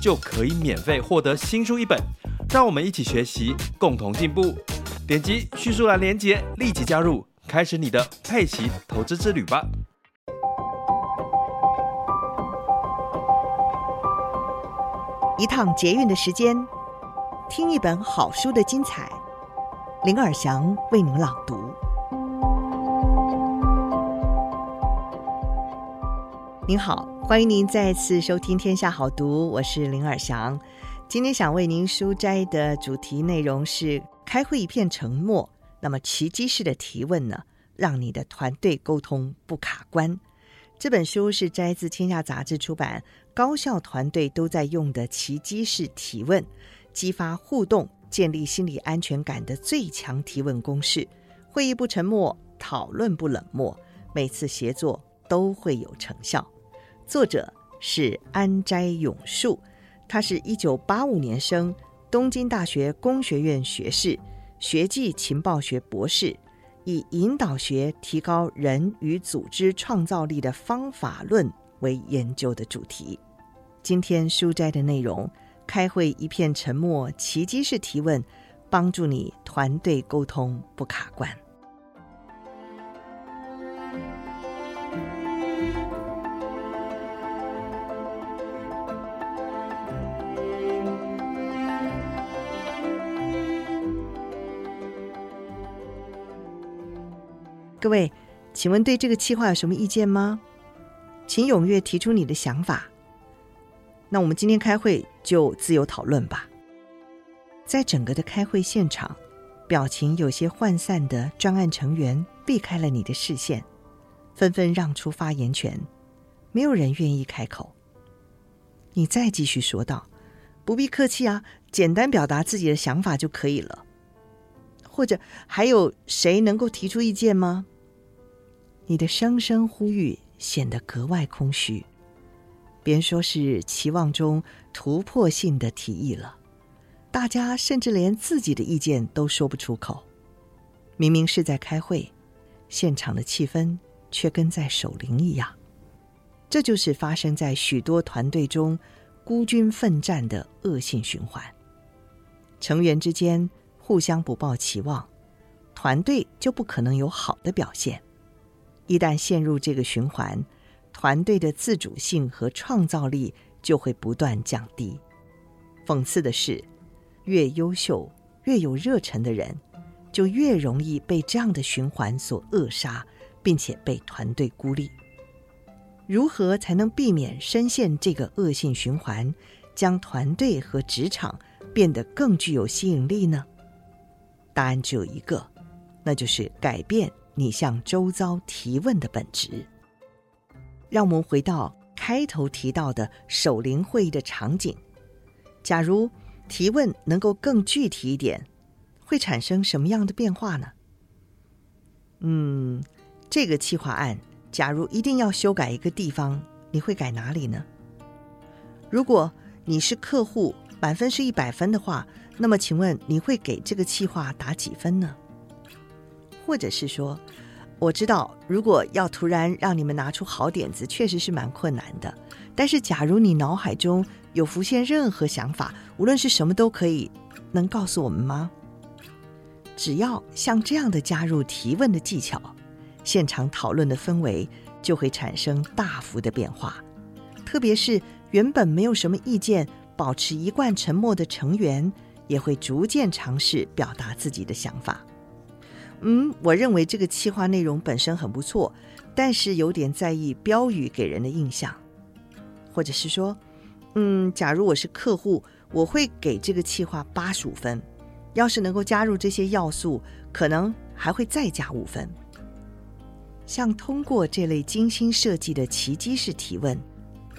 就可以免費獲得新書一本，讓我們一起學習，共同進步。點擊敘述欄鏈接，立即加入，開始你的配息投資之旅吧！一趟捷運的時間，聽一本好書的精彩，凌爾祥為您朗讀。您好。歡迎您再次收聽《天下好讀》，我是凌爾祥。今天想為您書摘的主題內容是：開會一片沉默，那麼奇蹟式的提問呢，讓你的團隊溝通不卡關。這本書是摘自《天下雜誌》出版，高效團隊都在用的奇蹟式提問，激發互動、建立心理安全感的最強提問公式。會議不沉默，討論不冷漠，每次協作都會有成效。作者是安齋勇樹，他是一九八五年生，東京大學工學院學士，學際情報學博士，以引導學提高人與組織創造力的方法論為研究的主題。今天書齋的內容：開會一片沉默，奇蹟式提問，幫助你團隊溝通不卡關。各位，請問對這個企劃有什麼意見嗎？請踴躍提出你的想法。那我們今天開會就自由討論吧。在整個的開會現場，表情有些渙散的專案成員避開了你的視線，紛紛讓出發言權，沒有人願意開口。你再繼續說道：“不必客氣啊，簡單表達自己的想法就可以了。”或者還有誰能夠提出意見嗎？你的聲聲呼籲顯得格外空虛，別說是期望中突破性的提議了，大家甚至連自己的意見都說不出口。明明是在開會，現場的氣氛卻跟在守靈一樣。這就是發生在許多團隊中孤軍奮戰的惡性循環，成員之間互相不抱期望，團隊就不可能有好的表現。一旦陷入這個循環，團隊的自主性和創造力就會不斷降低。諷刺的是，越優秀、越有熱忱的人，就越容易被這樣的循環所扼殺，並且被團隊孤立。如何才能避免深陷這個惡性循環，將團隊和職場變得更具有吸引力呢？答案只有一個，那就是改變你向周遭提問的本質。讓我們回到開頭提到的守靈會議的場景，假如提問能夠更具體一點，會產生什麼樣的變化呢？嗯，這個企劃案，假如一定要修改一個地方，你會改哪裡呢？如果你是客戶，滿分是一百分的話。那麼，請問你會給這個計劃打幾分呢？或者是說，我知道如果要突然讓你們拿出好點子，確實是蠻困難的。但是，假如你腦海中有浮現任何想法，無論是什麼都可以，能告訴我們嗎？只要像這樣的加入提問的技巧，現場討論的氛圍就會產生大幅的變化。特別是原本沒有什麼意見、保持一貫沉默的成員。也會逐漸嘗試表達自己的想法。嗯，我認為這個企劃內容本身很不錯，但是有點在意標語給人的印象，或者是說，嗯，假如我是客戶，我會給這個企劃八十五分。要是能夠加入這些要素，可能還會再加五分。像通過這類精心設計的奇蹟式提問，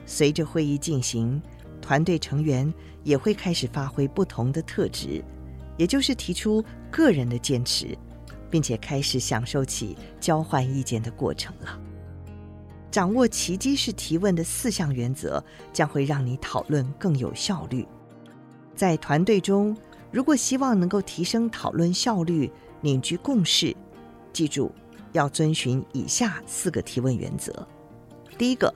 隨着會議進行團隊成員也會開始發揮不同的特質，也就是提出個人的堅持，並且開始享受起交換意見的過程了。掌握奇蹟式提問的四項原則，將會讓你討論更有效率。在團隊中，如果希望能夠提升討論效率、凝聚共識，記住要遵循以下四個提問原則：第一個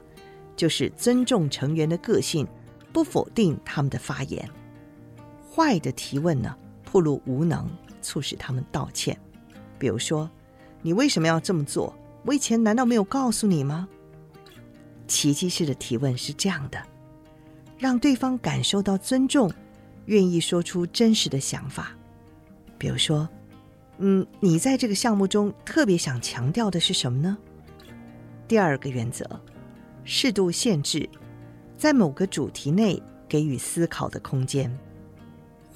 就是尊重成員的個性。不否定他們的發言，壞的提問呢，暴露無能，促使他們道歉。比如說，你為什麼要這麼做？我以前難道沒有告訴你嗎？奇蹟式的提問是這樣的，讓對方感受到尊重，願意說出真實的想法。比如說，嗯，你在這個項目中特別想強調的是什麼呢？第二個原則，適度限制。在某個主題內給予思考的空間。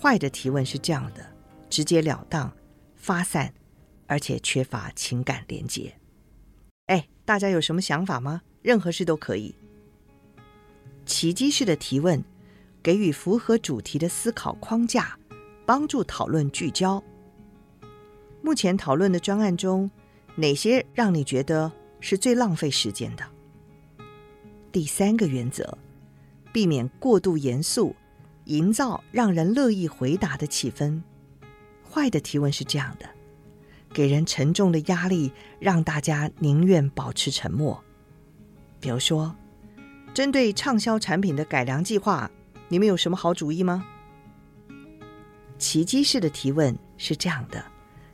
壞的提問是這樣的：直截了當、發散，而且缺乏情感連接。誒、哎，大家有什麼想法嗎？任何事都可以。奇蹟式的提問，給予符合主題的思考框架，幫助討論聚焦。目前討論的專案中，哪些讓你覺得是最浪費時間的？第三個原則。避免過度嚴肅，營造讓人樂意回答的氣氛。壞的提問是這樣的，給人沉重的壓力，讓大家寧願保持沉默。比如說，針對暢銷產品的改良計劃，你們有什麼好主意嗎？奇蹟式的提問是這樣的，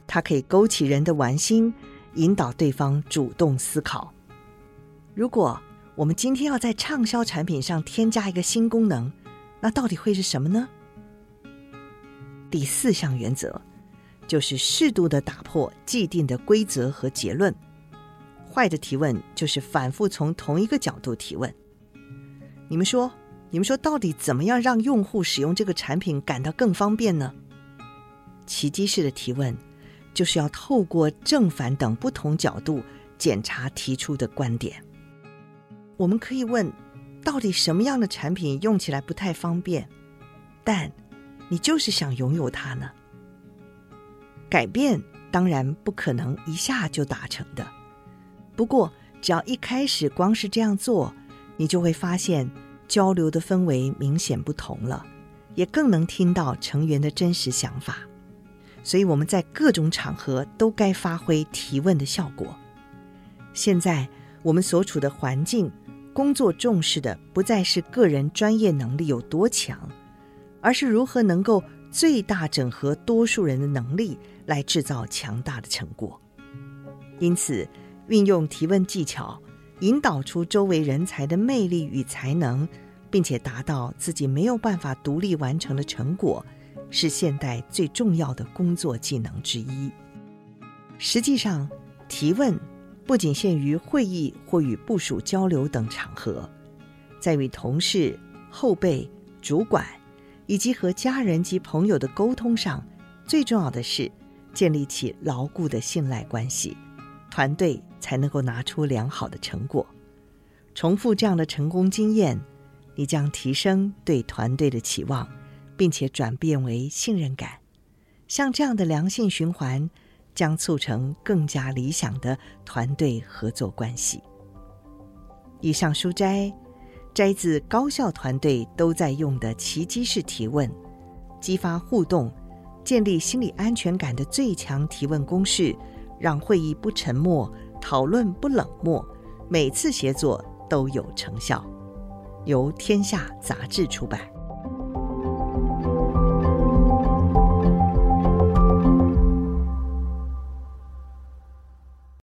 它可以勾起人的玩心，引導對方主動思考。如果，我們今天要在暢銷產品上添加一個新功能，那到底會是什麼呢？第四項原則就是適度地打破既定的規則和結論。壞的提問就是反覆從同一個角度提問。你們說，你們說到底怎麼樣讓用戶使用這個產品感到更方便呢？奇跡式的提問就是要透過正反等不同角度檢查提出的觀點。我們可以問，到底什麼樣的產品用起來不太方便，但你就是想擁有它呢？改變當然不可能一下就達成的，不過只要一開始光是這樣做，你就會發現交流的氛圍明顯不同了，也更能聽到成員的真實想法。所以我們在各種場合都該發揮提問的效果。現在我們所處的環境。工作重視的不再是個人專業能力有多強，而是如何能夠最大整合多數人的能力來制造強大的成果。因此，運用提問技巧，引導出周圍人才的魅力與才能，並且達到自己沒有辦法獨立完成的成果，是現代最重要的工作技能之一。實際上，提問。不僅限於會議或與部屬交流等場合，在與同事、後輩、主管，以及和家人及朋友的溝通上，最重要的是建立起牢固的信賴關係，團隊才能夠拿出良好的成果。重複這樣的成功經驗，你將提升對團隊的期望，並且轉變為信任感。像這樣的良性循環。將促成更加理想的團隊合作關係。以上書摘摘自高效團隊都在用的奇蹟式提問，激發互動，建立心理安全感的最強提問公式，讓會議不沉默，討論不冷漠，每次協作都有成效。由天下雜誌出版。